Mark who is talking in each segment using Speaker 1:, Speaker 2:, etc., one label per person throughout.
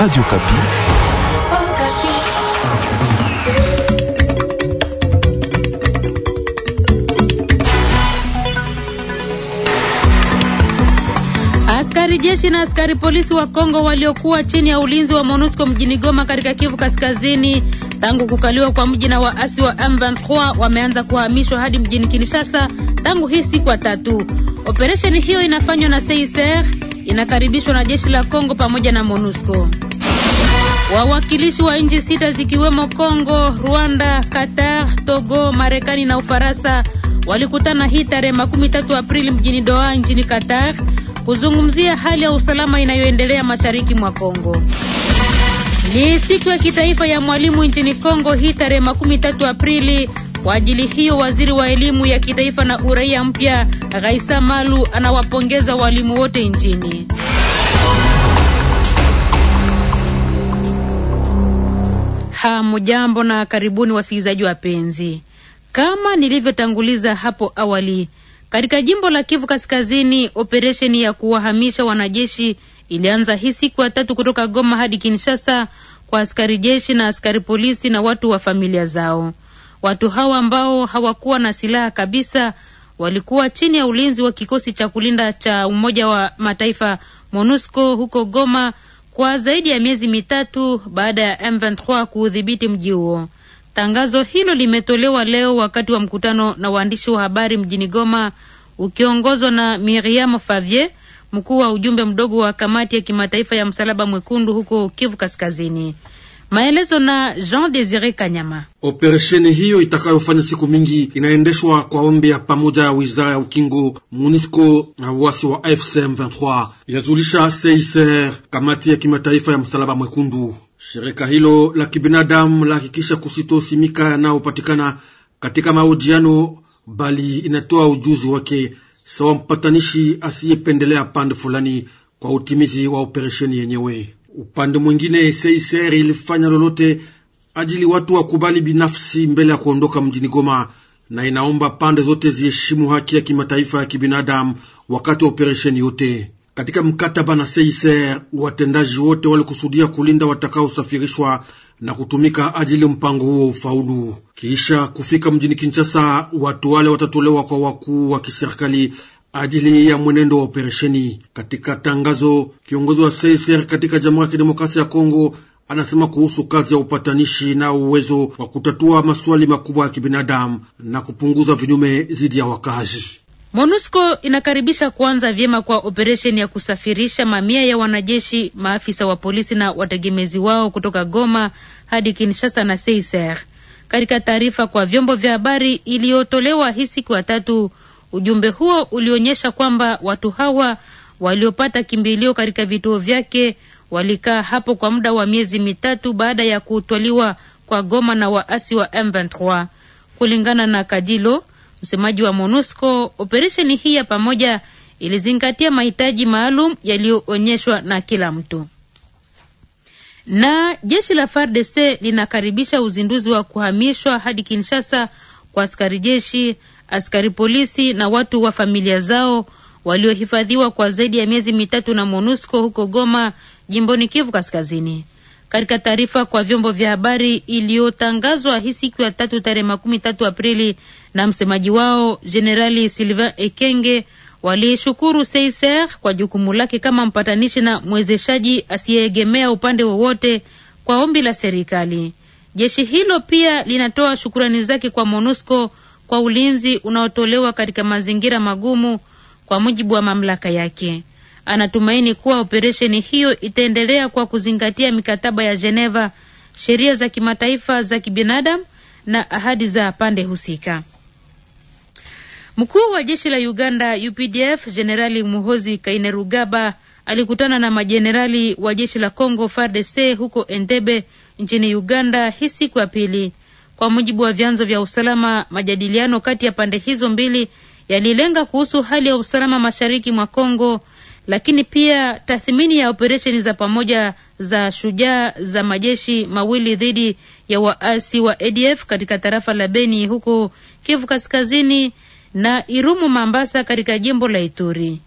Speaker 1: Radio Kapi.
Speaker 2: Askari jeshi na askari polisi wa Kongo waliokuwa chini ya ulinzi wa MONUSCO mjini Goma katika Kivu Kaskazini tangu kukaliwa kwa mji na waasi wa M23 wameanza kuhamishwa hadi mjini Kinshasa tangu hii siku ya tatu. Operesheni hiyo inafanywa na CICR inakaribishwa na jeshi la Kongo pamoja na MONUSCO. Wawakilishi wa nchi sita zikiwemo Kongo, Rwanda, Qatar, Togo, Marekani na Ufaransa walikutana hii tarehe 13 Aprili mjini Doha nchini Qatar kuzungumzia hali ya usalama inayoendelea mashariki mwa Kongo. Ni siku ya kitaifa ya mwalimu nchini Kongo hii tarehe makumi tatu Aprili. Kwa ajili hiyo, waziri wa elimu ya kitaifa na uraia mpya Raisa Malu anawapongeza walimu wote nchini. Hamujambo na karibuni wasikilizaji wapenzi. Kama nilivyotanguliza hapo awali, katika jimbo la Kivu Kaskazini, operesheni ya kuwahamisha wanajeshi ilianza hii siku ya tatu kutoka Goma hadi Kinshasa kwa askari jeshi na askari polisi na watu wa familia zao. Watu hawa ambao hawakuwa na silaha kabisa walikuwa chini ya ulinzi wa kikosi cha kulinda cha Umoja wa Mataifa MONUSCO huko Goma kwa zaidi ya miezi mitatu baada ya M23 kuudhibiti mji huo. Tangazo hilo limetolewa leo wakati wa mkutano na waandishi wa habari mjini Goma ukiongozwa na Miriam Favier, mkuu wa ujumbe mdogo wa kamati ya kimataifa ya msalaba mwekundu huko Kivu Kaskazini. Maelezo na Jean Desire Kanyama.
Speaker 3: Operesheni hiyo itakayofanya siku mingi inaendeshwa kwa ombi ya pamoja ya wizara ya ukingo, MONUSCO na wasi wa FCM 23, yazulisha CICR, kamati ya kimataifa ya msalaba mwekundu. Shirika hilo la kibinadamu lahakikisha kusitosimika yanayopatikana katika mahojiano, bali inatoa ujuzi wake sawa mpatanishi asiyependelea pande fulani kwa utimizi wa operesheni yenyewe. Upande mwingine, Seiser ilifanya lolote ajili watu wakubali binafsi mbele ya kuondoka mjini Goma, na inaomba pande zote ziheshimu haki ya kimataifa ya kibinadamu wakati wa operesheni yote. Katika mkataba na Seiser, watendaji wote walikusudia kulinda watakaosafirishwa na kutumika ajili mpango huo ufaulu. Kisha kufika mjini Kinshasa, watu wale watatolewa kwa wakuu wa kiserikali ajili ya mwenendo wa operesheni. Katika tangazo, kiongozi wa CSR katika Jamhuri ya Kidemokrasia ya Kongo anasema kuhusu kazi ya upatanishi na uwezo wa kutatua maswali makubwa ya kibinadamu na kupunguza vinyume dhidi ya wakazi.
Speaker 2: MONUSCO inakaribisha kuanza vyema kwa operesheni ya kusafirisha mamia ya wanajeshi, maafisa wa polisi na wategemezi wao kutoka Goma hadi Kinshasa na Seiser. Katika taarifa kwa vyombo vya habari iliyotolewa hii siku ya tatu, Ujumbe huo ulionyesha kwamba watu hawa waliopata kimbilio katika vituo vyake walikaa hapo kwa muda wa miezi mitatu baada ya kutwaliwa kwa Goma na waasi wa M23. Kulingana na Kadilo, msemaji wa MONUSCO, operesheni hii ya pamoja ilizingatia mahitaji maalum yaliyoonyeshwa na kila mtu. Na jeshi la FARDC linakaribisha uzinduzi wa kuhamishwa hadi Kinshasa kwa askari jeshi askari polisi na watu wa familia zao waliohifadhiwa kwa zaidi ya miezi mitatu na MONUSCO huko Goma, jimboni Kivu Kaskazini. Katika taarifa kwa vyombo vya habari iliyotangazwa hii siku ya tatu tarehe makumi tatu Aprili na msemaji wao Jenerali Sylvain Ekenge, walishukuru Seiser kwa jukumu lake kama mpatanishi na mwezeshaji asiyeegemea upande wowote kwa ombi la serikali. Jeshi hilo pia linatoa shukurani zake kwa MONUSCO kwa ulinzi unaotolewa katika mazingira magumu, kwa mujibu wa mamlaka yake. Anatumaini kuwa operesheni hiyo itaendelea kwa kuzingatia mikataba ya Geneva, sheria za kimataifa za kibinadamu na ahadi za pande husika. Mkuu wa jeshi la Uganda UPDF Jenerali Muhozi Kainerugaba alikutana na majenerali wa jeshi la Congo FARDC huko Entebbe nchini Uganda hii siku ya pili. Kwa mujibu wa vyanzo vya usalama, majadiliano kati ya pande hizo mbili yalilenga kuhusu hali ya usalama mashariki mwa Kongo, lakini pia tathmini ya operesheni za pamoja za shujaa za majeshi mawili dhidi ya waasi wa ADF katika tarafa la Beni huko Kivu Kaskazini na Irumu Mambasa katika jimbo la Ituri.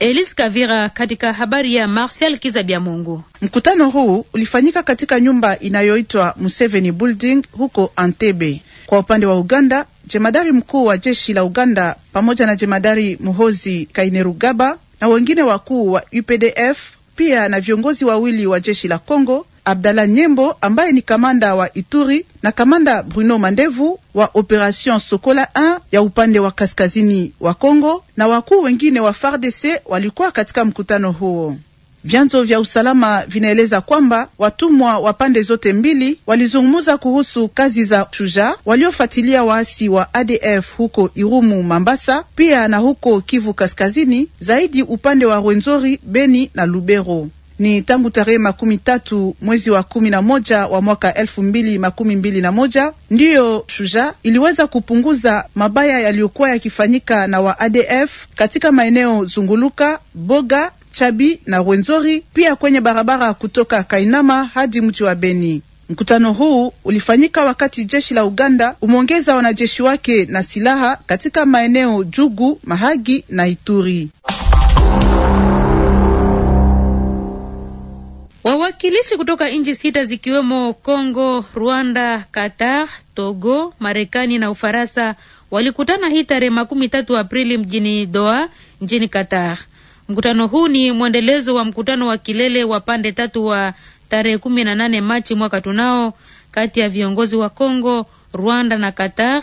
Speaker 2: Elis Kavira katika habari ya Marcel Kizabia Mungu.
Speaker 4: Mkutano huu ulifanyika katika nyumba inayoitwa Museveni Building huko Antebe. Kwa upande wa Uganda, jemadari mkuu wa jeshi la Uganda pamoja na jemadari Muhozi Kainerugaba na wengine wakuu wa UPDF pia na viongozi wawili wa jeshi la Kongo Abdallah Nyembo ambaye ni kamanda wa Ituri na kamanda Bruno Mandevu wa Operation Sokola 1 ya upande wa kaskazini wa Kongo na wakuu wengine wa FARDC walikuwa katika mkutano huo. Vyanzo vya usalama vinaeleza kwamba watumwa wa pande zote mbili walizungumza kuhusu kazi za shuja waliofuatilia waasi wa ADF huko Irumu, Mambasa, pia na huko Kivu Kaskazini, zaidi upande wa Rwenzori, Beni na Lubero ni tangu tarehe makumi tatu mwezi wa kumi na moja wa mwaka elfu mbili makumi mbili na moja ndiyo Shuja iliweza kupunguza mabaya yaliyokuwa yakifanyika na wa ADF katika maeneo Zunguluka, Boga, Chabi na Rwenzori, pia kwenye barabara kutoka Kainama hadi mji wa Beni. Mkutano huu ulifanyika wakati jeshi la Uganda umeongeza wanajeshi wake na silaha katika maeneo Jugu, Mahagi na Ituri.
Speaker 2: Wawakilishi kutoka nchi sita zikiwemo Congo, Rwanda, Qatar, Togo, Marekani na Ufaransa walikutana hii tarehe makumi tatu Aprili mjini Doha nchini Qatar. Mkutano huu ni mwendelezo wa mkutano wa kilele wa pande tatu wa tarehe kumi na nane Machi mwaka tunao kati ya viongozi wa Congo, Rwanda na Qatar,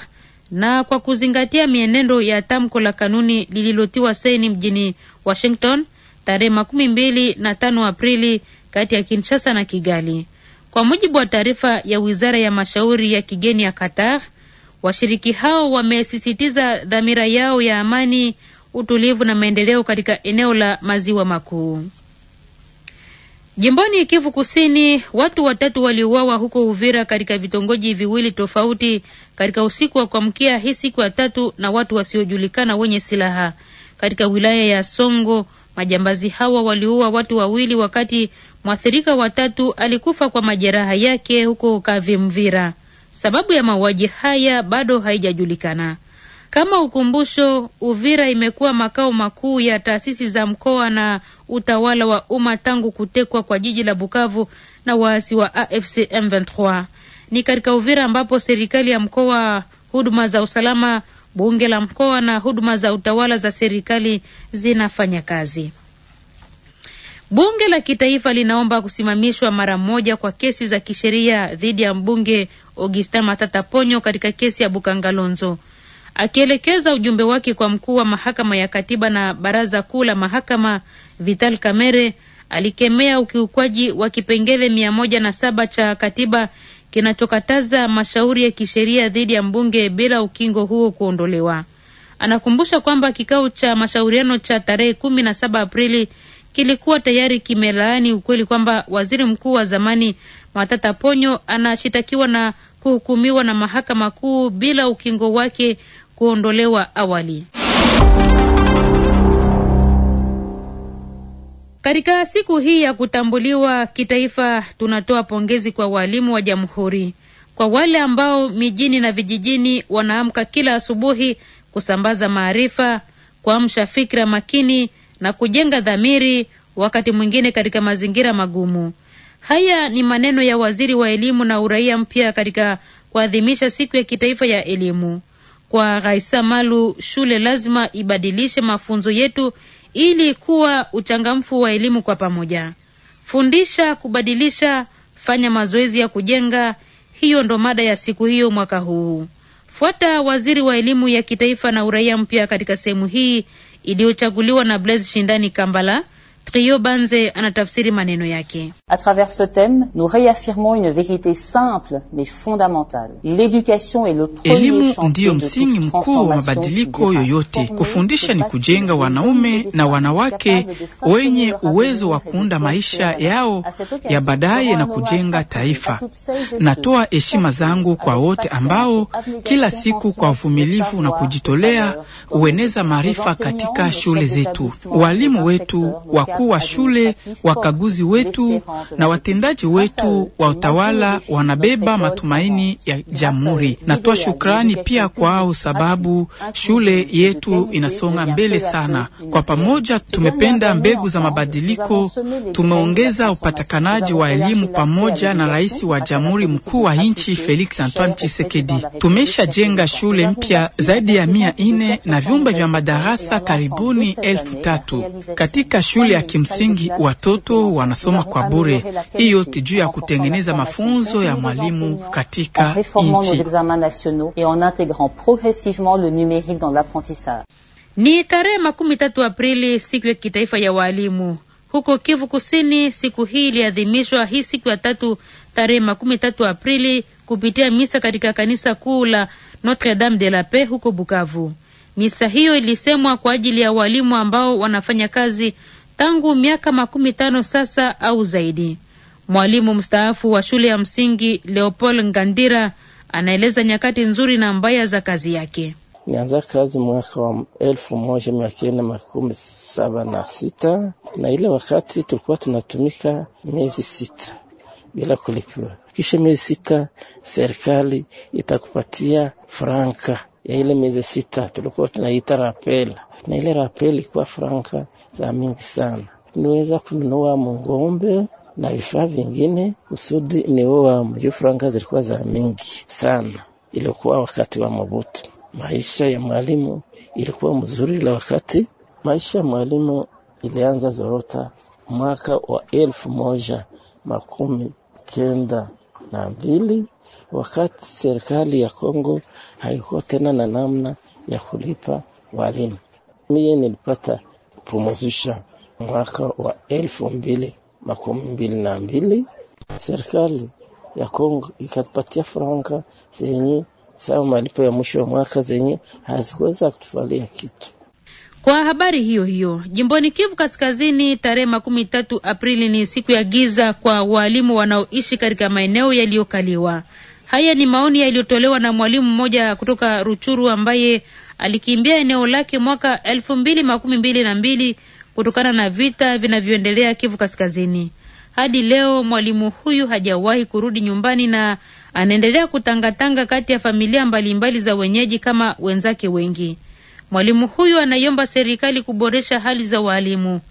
Speaker 2: na kwa kuzingatia mienendo ya tamko la kanuni lililotiwa saini mjini Washington tarehe makumi mbili na tano Aprili kati ya Kinshasa na Kigali. Kwa mujibu wa taarifa ya wizara ya mashauri ya kigeni ya Qatar, washiriki hao wamesisitiza dhamira yao ya amani, utulivu na maendeleo katika eneo la maziwa makuu. Jimboni Kivu Kusini, watu watatu waliuawa huko Uvira katika vitongoji viwili tofauti katika usiku wa kuamkia hii siku ya tatu na watu wasiojulikana wenye silaha katika wilaya ya Songo. Majambazi hawa waliua watu wawili wakati Mwathirika watatu alikufa kwa majeraha yake huko Kavimvira. Sababu ya mauaji haya bado haijajulikana. Kama ukumbusho, Uvira imekuwa makao makuu ya taasisi za mkoa na utawala wa umma tangu kutekwa kwa jiji la Bukavu na waasi wa AFC M23. Ni katika Uvira ambapo serikali ya mkoa, huduma za usalama, bunge la mkoa na huduma za utawala za serikali zinafanya kazi. Bunge la kitaifa linaomba kusimamishwa mara moja kwa kesi za kisheria dhidi ya mbunge Augustin Matata Ponyo katika kesi ya Bukangalonzo. Akielekeza ujumbe wake kwa mkuu wa mahakama ya katiba na baraza kuu la mahakama, Vital Kamere alikemea ukiukwaji wa kipengele mia moja na saba cha katiba kinachokataza mashauri ya kisheria dhidi ya mbunge bila ukingo huo kuondolewa. Anakumbusha kwamba kikao cha mashauriano cha tarehe kumi na saba Aprili kilikuwa tayari kimelaani ukweli kwamba waziri mkuu wa zamani Matata Ponyo anashitakiwa na kuhukumiwa na mahakama kuu bila ukingo wake kuondolewa awali. Katika siku hii ya kutambuliwa kitaifa, tunatoa pongezi kwa walimu wa Jamhuri, kwa wale ambao mijini na vijijini wanaamka kila asubuhi kusambaza maarifa, kuamsha fikra makini na kujenga dhamiri, wakati mwingine katika mazingira magumu. Haya ni maneno ya waziri wa elimu na uraia mpya katika kuadhimisha siku ya kitaifa ya elimu. Kwa Raisa Malu, shule lazima ibadilishe mafunzo yetu ili kuwa uchangamfu wa elimu kwa pamoja. Fundisha, kubadilisha, fanya mazoezi ya kujenga. Hiyo ndo mada ya siku hiyo mwaka huu. Fuata waziri wa elimu ya kitaifa na uraia mpya katika sehemu hii iliyochaguliwa na Blaise Shindani Kambala Trio Banze anatafsiri maneno yake. A travers ce thème, nous réaffirmons une vérité simple mais fondamentale. L'éducation est le premier elimu ndiyo msingi mkuu wa
Speaker 5: mabadiliko yoyote. Kufundisha ni kujenga wanaume na wanawake wenye uwezo wa kuunda maisha yao ya baadaye na kujenga taifa. Natoa heshima zangu kwa wote ambao kila siku kwa uvumilivu na kujitolea hueneza maarifa katika shule zetu, walimu wetu wa wakuu wa shule, wakaguzi wetu na watendaji wetu wa utawala wanabeba matumaini ya jamhuri. Natoa shukrani pia kwao, sababu shule yetu inasonga mbele sana. Kwa pamoja tumependa mbegu za mabadiliko, tumeongeza upatikanaji wa elimu pamoja na rais wa jamhuri mkuu wa nchi Felix Antoine Tshisekedi. Tumeshajenga shule mpya zaidi ya mia nne na vyumba vya madarasa karibuni elfu tatu katika shule ya kimsingi watoto wanasoma kwa bure, hii yote juu ya kutengeneza mafunzo ya mwalimu katika nchi.
Speaker 2: Ni tarehe makumi tatu Aprili, siku ya kitaifa ya waalimu huko Kivu Kusini. Siku hii iliadhimishwa hii siku ya tatu tarehe makumi tatu Aprili kupitia misa katika kanisa kuu la Notre Dame de la Paix huko Bukavu. Misa hiyo ilisemwa kwa ajili ya walimu ambao wanafanya kazi tangu miaka makumi tano sasa au zaidi. Mwalimu mstaafu wa shule ya msingi Leopold Ngandira anaeleza nyakati nzuri na mbaya za kazi yake.
Speaker 6: Nianza kazi mwaka wa elfu moja mia kenda makumi saba na sita na ile wakati tulikuwa tunatumika miezi sita bila kulipiwa. Kisha miezi sita serikali itakupatia franka ya ile miezi sita, tulikuwa tunaita rapela, na ile rapela ilikuwa franka vifaa mingi sana. Niweza kununua mng'ombe na vifaa vingine kusudi ni wa mjuu. zilikuwa za mingi sana, ilikuwa wakati wa Mobutu. Maisha ya mwalimu ilikuwa mzuri, la wakati maisha ya mwalimu ilianza zorota mwaka wa elfu moja makumi kenda na mbili wakati serikali ya Kongo haikuwa tena na namna ya kulipa walimu. Mie nilipata kupumuzisha mwaka wa elfu mbili makumi mbili na mbili serikali ya Kongo ikatupatia franka zenye sawa malipo ya mwisho wa mwaka zenye hazikuweza kutufalia kitu.
Speaker 2: Kwa habari hiyo hiyo, jimboni Kivu Kaskazini, tarehe makumi tatu Aprili ni siku ya giza kwa waalimu wanaoishi katika maeneo yaliyokaliwa. Haya ni maoni yaliyotolewa na mwalimu mmoja kutoka Ruchuru ambaye alikimbia eneo lake mwaka elfu mbili makumi mbili na mbili kutokana na vita vinavyoendelea Kivu Kaskazini. Hadi leo mwalimu huyu hajawahi kurudi nyumbani na anaendelea kutangatanga kati ya familia mbalimbali mbali za wenyeji kama wenzake wengi. Mwalimu huyu anaiomba serikali kuboresha hali za walimu.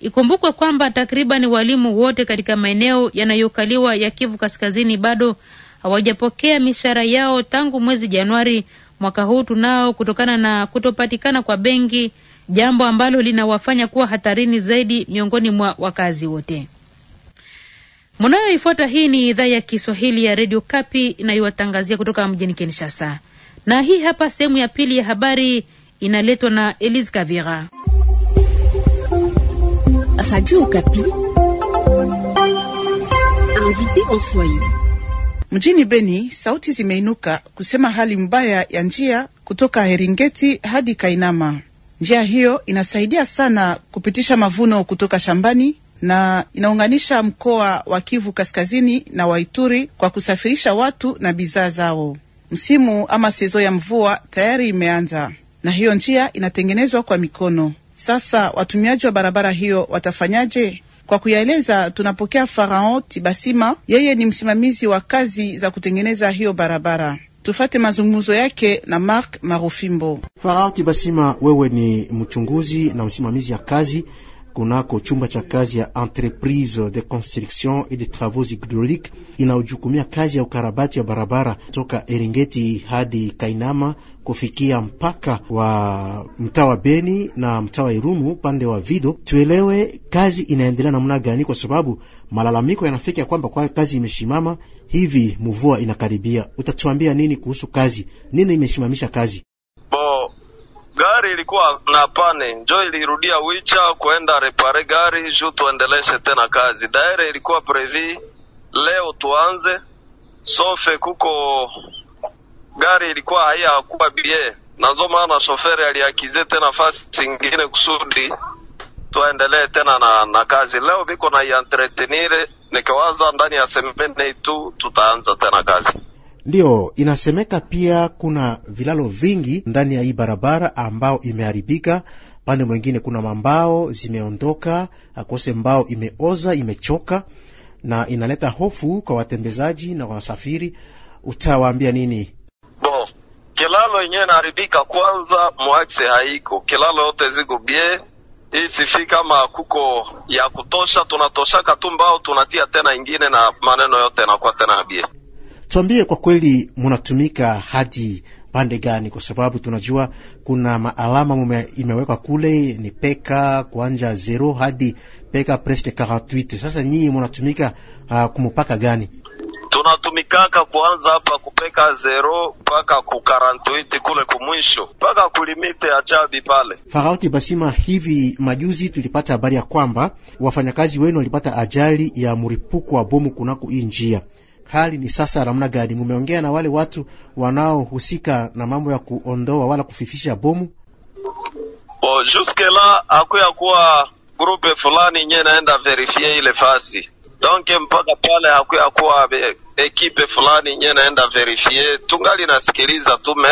Speaker 2: Ikumbukwe kwamba takriban walimu wote katika maeneo yanayokaliwa ya Kivu Kaskazini bado hawajapokea mishahara yao tangu mwezi Januari mwaka huu tunao kutokana na kutopatikana kwa benki, jambo ambalo linawafanya kuwa hatarini zaidi miongoni mwa wakazi wote. Munayoifuata hii ni idhaa ya Kiswahili ya redio Kapi inayowatangazia kutoka mjini Kinshasa, na hii hapa sehemu ya pili ya habari inaletwa na Elise Kavira.
Speaker 4: Radio Kapi invité en Mjini Beni sauti zimeinuka kusema hali mbaya ya njia kutoka Heringeti hadi Kainama. Njia hiyo inasaidia sana kupitisha mavuno kutoka shambani na inaunganisha mkoa wa Kivu Kaskazini na Waituri kwa kusafirisha watu na bidhaa zao. Msimu ama sezo ya mvua tayari imeanza na hiyo njia inatengenezwa kwa mikono. Sasa watumiaji wa barabara hiyo watafanyaje? Kwa kuyaeleza, tunapokea Farao Tibasima, yeye ni msimamizi wa kazi za kutengeneza hiyo barabara. Tufate mazungumzo yake na Mark Marufimbo.
Speaker 7: Farao Tibasima, wewe ni mchunguzi na msimamizi ya kazi kunako chumba cha kazi ya entreprise de construction et de travaux hydrauliques inaojukumia kazi ya ukarabati ya barabara toka Eringeti hadi Kainama kufikia mpaka wa mtaa wa Beni na mtaa wa Irumu upande wa Vido. Tuelewe kazi inaendelea namna gani, kwa sababu malalamiko yanafika ya kwamba kwa kazi imeshimama hivi, mvua inakaribia. Utatuambia nini kuhusu kazi? Nini imeshimamisha kazi?
Speaker 8: gari ilikuwa na pane njo ilirudia wicha kuenda repare gari juu tuendeleshe tena kazi. Daire ilikuwa previ leo tuanze sofe, kuko gari ilikuwa haiyakuwa bie nazo, maana shoferi aliakize tena fasi ingine kusudi tuendelee tena na, na kazi leo biko na ientretenire nikiwaza ndani ya semene tu tutaanza tena kazi.
Speaker 7: Ndiyo, inasemeka pia kuna vilalo vingi ndani ya hii barabara ambao imeharibika. Pande mwingine kuna mambao zimeondoka, akose mbao imeoza imechoka, na inaleta hofu kwa watembezaji na wasafiri. Utawaambia nini?
Speaker 8: Bo, kilalo yenyewe inaharibika, kwanza mwaksi haiko, kilalo yote ziko bie hii sifi kama kuko ya kutosha, tunatoshaka tu mbao tunatia tena ingine na maneno yote yanakuwa tena bie
Speaker 7: tuambie kwa kweli munatumika hadi pande gani? Kwa sababu tunajua kuna maalama imewekwa kule, ni peka kuanja zero hadi peka presque 48. Sasa nyinyi munatumika uh, kumupaka gani? tunatumikaka kuanza hapa kupeka zero mpaka ku 48 kule kumwisho mpaka kulimite ya chabi pale Farauti Basima. Hivi majuzi tulipata habari ya kwamba wafanyakazi wenu walipata ajali ya mripuko wa bomu kunako hii njia hali ni sasa namna gani? Mumeongea na wale watu wanaohusika na mambo ya kuondoa wala kufifisha bomu?
Speaker 8: Bo, juske la akuya kuwa grupe fulani nye naenda verifie ile fasi donke, mpaka pale akuya kuwa ekipe fulani nye naenda verifie, tungali nasikiliza tume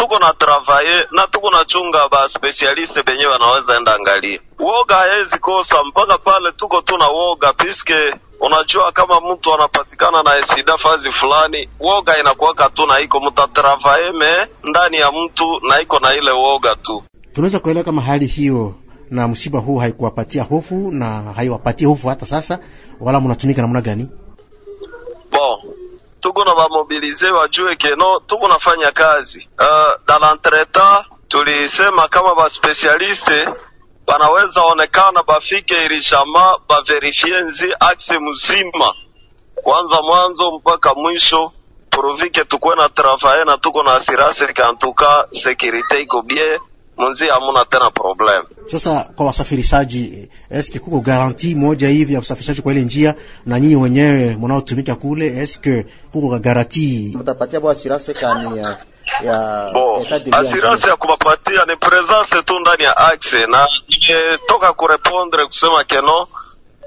Speaker 8: tuko na travaye na tuko na chunga ba specialiste benye wanaweza enda angalia. Woga hawezi kosa mpaka pale tuko tuna woga piske Unajua, kama mtu anapatikana na sida fazi fulani, woga inakuwaka tu na iko e me ndani ya mtu na iko na ile woga tu.
Speaker 7: Tunaweza kuelewa kama hali hiyo na msiba huu haikuwapatia hofu na haiwapatie hofu hata sasa, wala mnatumika namna gani?
Speaker 8: tuko na bamobilize wajue keno tuko nafanya kazi uh, dalantreta tulisema kama baspesialiste banaweza onekana bafike irishama baverifie nzi akse mzima kwanza mwanzo mpaka mwisho puruvike tukuwe na travaye na tuko na asirase kantuka sekirite iko bie mwanzi hamuna tena problem.
Speaker 7: Sasa kwa wasafirishaji, eske kuko garanti moja hivi ya usafirishaji kwa ile njia, na nyinyi wenyewe mnaotumika kule, eske kuko garanti
Speaker 8: mtapatia bwa asirase kani ya ya bo asirase ya kubapatia ni presence tu ndani ya axe, na nimetoka kurepondre kusema keno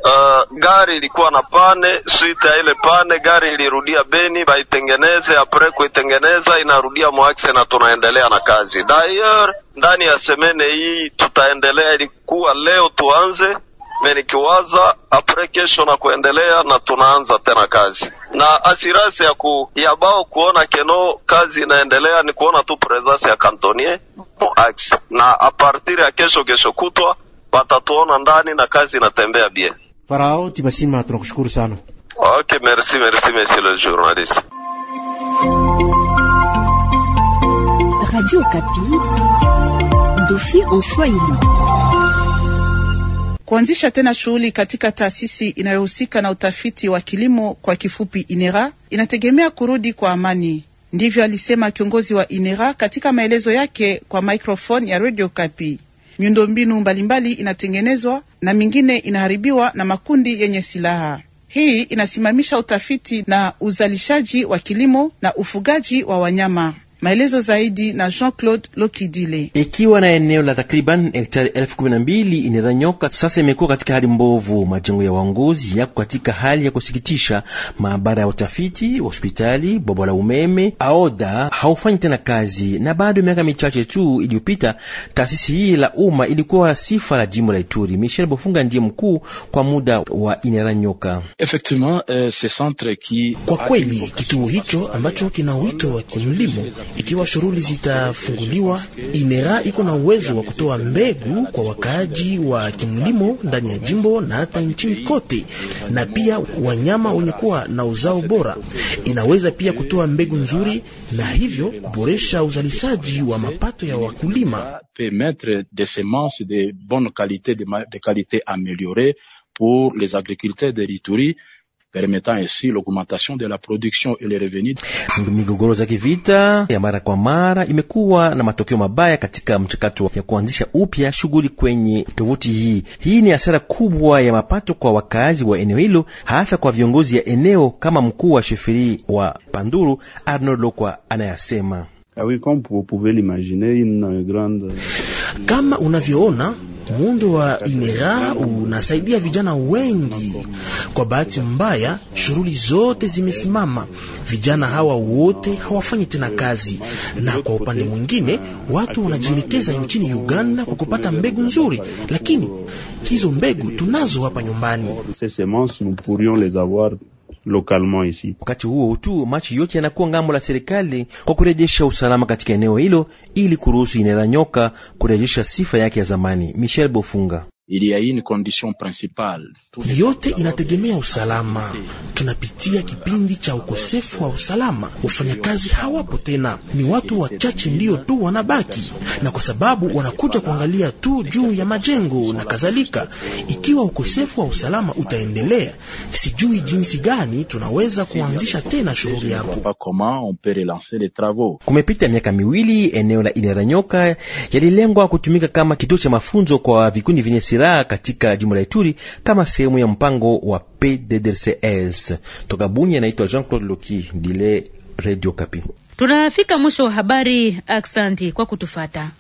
Speaker 8: Uh, gari ilikuwa na pane swite ya ile pane, gari ilirudia Beni baitengeneze. Apres kuitengeneza inarudia mwaxe na tunaendelea na kazi. Dayer ndani ya semene hii tutaendelea, ilikuwa leo tuanze menikiwaza apres kesho na kuendelea na tunaanza tena kazi na asirasi ya ku, ya bao kuona keno kazi inaendelea ni kuona tu presence ya kantonie mwaxe. na apartiri ya kesho kesho kutwa batatuona ndani na kazi inatembea bien.
Speaker 7: Farao Tibasima, tunakushukuru sana.
Speaker 8: Okay, merci, merci, monsieur le journaliste.
Speaker 4: Radio Okapi, dofi en Swahili. Kuanzisha tena shughuli katika taasisi inayohusika na utafiti wa kilimo kwa kifupi INERA inategemea kurudi kwa amani. Ndivyo alisema kiongozi wa INERA katika maelezo yake kwa microphone ya Radio Kapi miundombinu mbalimbali inatengenezwa na mingine inaharibiwa na makundi yenye silaha. Hii inasimamisha utafiti na uzalishaji wa kilimo na ufugaji wa wanyama. Maelezo zaidi na Jean Claude Lokidile.
Speaker 9: Ikiwa na eneo la takriban hektari elfu kumi na mbili inaranyoka sasa imekuwa katika hali mbovu. Majengo ya waongozi yako katika hali ya kusikitisha. Maabara ya utafiti, hospitali, bobo la umeme, aoda haufanyi tena kazi, na bado miaka michache tu iliyopita taasisi hii la umma ilikuwa sifa la jimbo la Ituri. Michel Bofunga ndiye mkuu kwa muda wa inaranyoka.
Speaker 1: Effectivement, eh, ce centre qui... kwa kweli kituo hicho ambacho kina wito wa kimlimo ikiwa shughuli zitafunguliwa, Inera iko na uwezo wa kutoa mbegu kwa wakaaji wa kimlimo ndani ya jimbo na hata nchini kote, na pia wanyama wenye kuwa na uzao bora. Inaweza pia kutoa mbegu nzuri na hivyo kuboresha uzalishaji wa mapato ya wakulima permettant ainsi l'augmentation de la production et les revenus. Migogoro za kivita
Speaker 9: ya mara kwa mara imekuwa na matokeo mabaya katika mchakato ya kuanzisha upya shughuli kwenye tovuti hii. Hii ni hasara kubwa ya mapato kwa wakazi wa eneo hilo, hasa kwa viongozi ya eneo kama mkuu wa sheferi wa Panduru Arnold Lokwa anayasema.
Speaker 1: Ah oui, comme vous pouvez l'imaginer, une grande kama unavyoona muundo wa Imera unasaidia vijana wengi. Kwa bahati mbaya, shughuli zote zimesimama, vijana hawa wote hawafanyi tena kazi, na kwa upande mwingine watu wanajielekeza nchini Uganda kwa kupata mbegu nzuri, lakini hizo mbegu tunazo hapa nyumbani localement ici.
Speaker 9: Wakati huo tu machi yote yanakuwa ngambo la serikali kwa kurejesha usalama katika eneo hilo ili kuruhusu nyoka kurejesha sifa yake ya zamani. Michel
Speaker 1: Bofunga yote inategemea usalama. Tunapitia kipindi cha ukosefu wa usalama, wafanyakazi hawapo tena, ni watu wachache ndio tu wanabaki, na kwa sababu wanakuja kuangalia tu juu ya majengo na kadhalika. Ikiwa ukosefu wa usalama utaendelea, sijui jinsi gani tunaweza kuanzisha tena shughuli hapo.
Speaker 9: Kumepita miaka miwili, eneo la Ineranyoka yalilengwa kutumika kama kituo cha mafunzo kwa vikundi vyenye silaha katika jimbo la Ituri kama sehemu ya mpango wa PDDRCS. Toka Bunia, anaitwa Jean-Claude Loki Dile, Radio Kapi.
Speaker 2: Tunafika mwisho wa habari. Aksanti kwa kutufata.